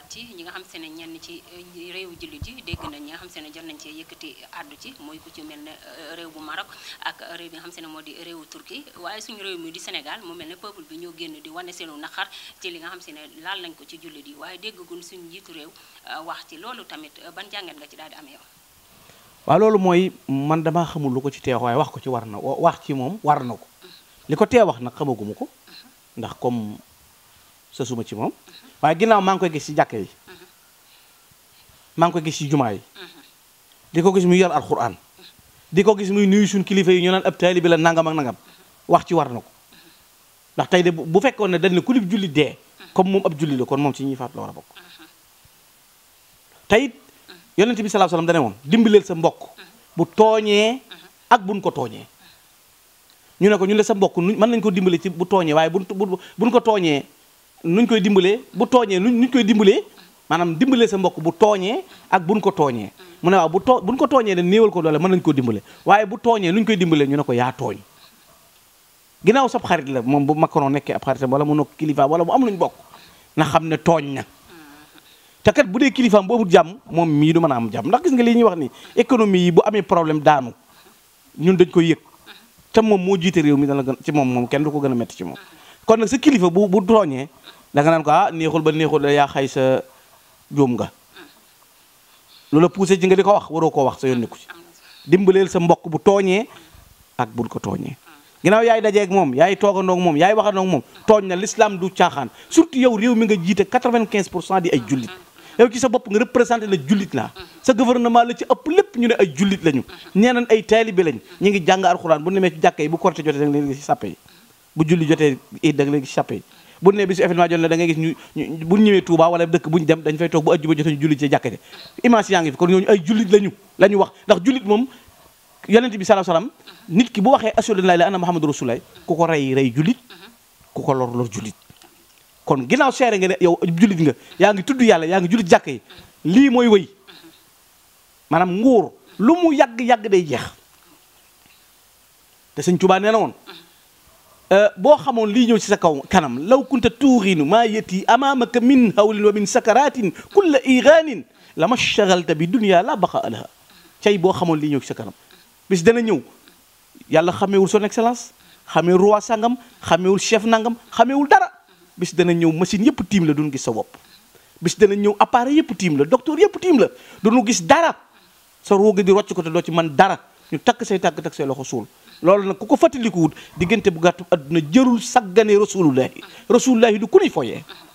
delluwaat ci ñi nga xam se ne ñenn ci eh, réewu jullit ji dégg nañ ñi nga xam se jot nañ cee yëkkati àddu ci mooy ku ci mel ne eh, réew bu Maroc ak réew bi nga xam se ne moo di réewu Turquie waaye suñu réew mi di Sénégal mu mel ne peuple bi ñoo génn di wane seenu naqar ci li nga xam se ne eh, laal nañ ko ci jullit yi waaye déggagul suñu njiitu réew wax ci loolu tamit ban jàngat nga ci daal amee yow waaw loolu mooy man damaa xamul lu ko ci teex waaye wax ko ci war na wax ci moom war na ko mm-hmm. sa suma ci moom waaye ginnaaw maa ngi koy gis ci jàkka yi maa ngi koy gis ci jumaa yi di ko gis muy yor alxuraan di ko gis muy nuyu suñ kilifa yi ñu naan ab bi la nangam ak nangam wax ci war na ko ndax tey de bu fekkoon ne dañ ne ku lib julli dee comme moom ab julli la kon moom ci ñuy faat la war a bokk tey yonent bi sallallahu alayhi wasallam dane woon dimbaleel sa mbokk bu tooñee ak buñ ko tooñee ñu ne ko ñu ne sa mbokk man nañ ko dimbale ci bu tooñee waaye buñ buñ ko tooñee nuñ koy dimbalee bu tooñee nuñ koy dimbalee maanaam dimbalee sa mbokk bu tooñee ak buñ ko tooñee mu ne waaw bu too buñ ko tooñee ne néewal ko doole mën nañ koo dimbale waaye bu tooñee nuñ koy dimbalee ñu ne ko yaa tooñ ginnaaw sab xarit la moom bu Macron nekkee ab xaritam wala mu nekk kilifa wala mu am luñ bokk na xam ne tooñ na te bu dee kilifaam boobu jàmm moom mii du mën a am jàmm ndax gis nga lii ñuy wax ni économie yi bu amee problème daanu ñun dañ koy yëg te moom moo jiite réew mi dana gën ci moom moom kenn du ko gën a métti ci moom kon nag sa kilifa bu bu tooñee da nga naan ko ah neexul ba neexul yaa xay sa juum nga loola poussé ci nga di ko wax waroo ko wax sa yoon nekku ci dimbaleel sa mbokk bu tooñee ak bul ko tooñee ginnaaw yaay dajeeg moom yaay toogandoo ak moom yaay waxandoo ak moom tooñ na l'islam du caaxaan surtout yow réew mi nga jiite 95 pour cent di ay jullit yow ci sa bopp nga représenté na jullit laa sa gouvernement la ci ëpp lépp ñu ne ay jullit lañu ñeneen ay taalibe lañ ñu ngi jàng alxuraan bu nemee ci jàkka yi bu korte jotee da nga bu julli jotee it da nga gis sàppe yi bu ne bisu événement jot na da ngay gis ñu bu ñëwee Touba wala dëkk buñ dem dañ fay toog bu ajjuma jotee ñu julli ci jàkkate image yaa ngi fi kon ñooñu ay jullit lañu la ñu wax ndax jullit moom yonent bi salaam salaam nit ki bu waxee ashhadu an laa ilaaha illallaah muhammadu rasulullaah ku ko rey rey jullit ku ko lor lor jullit kon ginnaaw seere nga ne yow jullit nga yaa ngi tudd yàlla yaa ngi jullit jàkk yi lii mooy wëy maanaam nguur lu mu yàgg-yàgg day jeex te sëñ Tuubaa nee na woon Euh, boo xamoon lii ñëw ci sa kaw kanam law kunta tuurinu maa yati amaamaka min hawlin wa min sakaratin kulla iranin la ma shagalta bi dunia la baqa alaha cay boo xamoon lii ñëw ci sa kanam bis dana ñëw yàlla xameewul son excellence xameewul roi sangam xameewul chef nangam xameewul dara bis dana ñëw machine yëpp tiim la duñu gis sa bopp bis dana ñëw appareil yëpp tiim la docteur yëpp tiim la duñu gis dara sa roogi di rocc ko te doo ci man dara ñu takk say tàkk takk say loxo suul loolu nag ku ko fàttalikuwut diggante bu gàttu àdduna jërul saggane rasulullahi ah. rasulullahi du ku nuy foyee